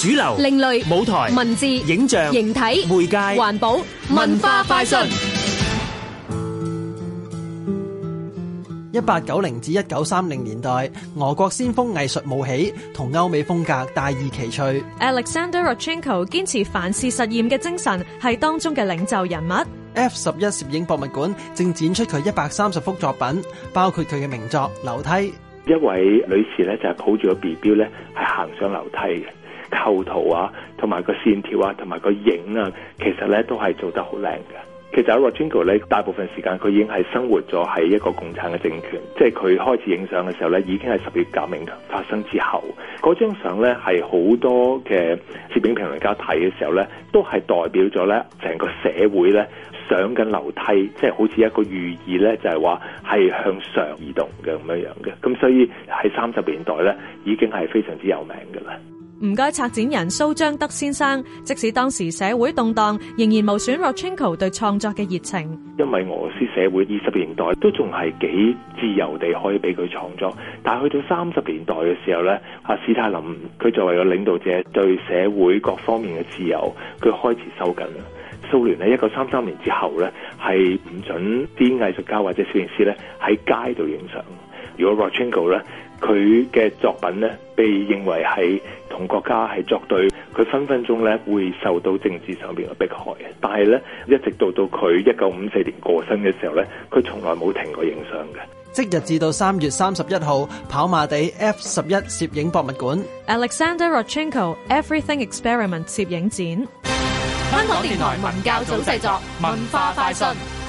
主流、另類舞台、文字、影像、形體、媒介界、環保、文化快訊。一八九零至一九三零年代，俄國先鋒藝術冒起，同歐美風格大異其趣。Alexander Rodchenko 堅持凡事實驗嘅精神，係當中嘅領袖人物。F 十一攝影博物館正展出佢一百三十幅作品，包括佢嘅名作《樓梯》。一位女士咧就係抱住個 B 標咧，係行上樓梯嘅。構圖啊，同埋個線條啊，同埋個影啊，其實咧都係做得好靚嘅。其實喺 Rodrigo 咧，大部分時間佢已經係生活咗喺一個共產嘅政權，即係佢開始影相嘅時候咧，已經係十月革命發生之後。嗰張相咧係好多嘅攝影評論家睇嘅時候咧，都係代表咗咧成個社會咧上緊樓梯，即係好似一個寓意，咧就係話係向上移動嘅咁樣樣嘅。咁所以喺三十年代咧，已經係非常之有名㗎啦。唔該，策展人蘇張德先生，即使當時社會動盪，仍然無損 Rodchenko 對創作嘅熱情。因為俄羅斯社會二十年代都仲係幾自由地可以俾佢創作，但係去到三十年代嘅時候咧，阿史太林佢作為個領導者，對社會各方面嘅自由，佢開始收緊啦。蘇聯喺一九三三年之後咧，係唔准啲藝術家或者攝影師咧喺街度影相。如果 Rodchenko 咧，佢嘅作品咧被認為係。同國家係作對，佢分分鐘咧會受到政治上面嘅迫害嘅。但係咧，一直到到佢一九五四年過身嘅時候咧，佢從來冇停過影相嘅。即日至到三月三十一號，跑馬地 F 十一攝影博物館，Alexander Rodchenko Everything Experiment 攝影展。香港電台文教組製作，文化快訊。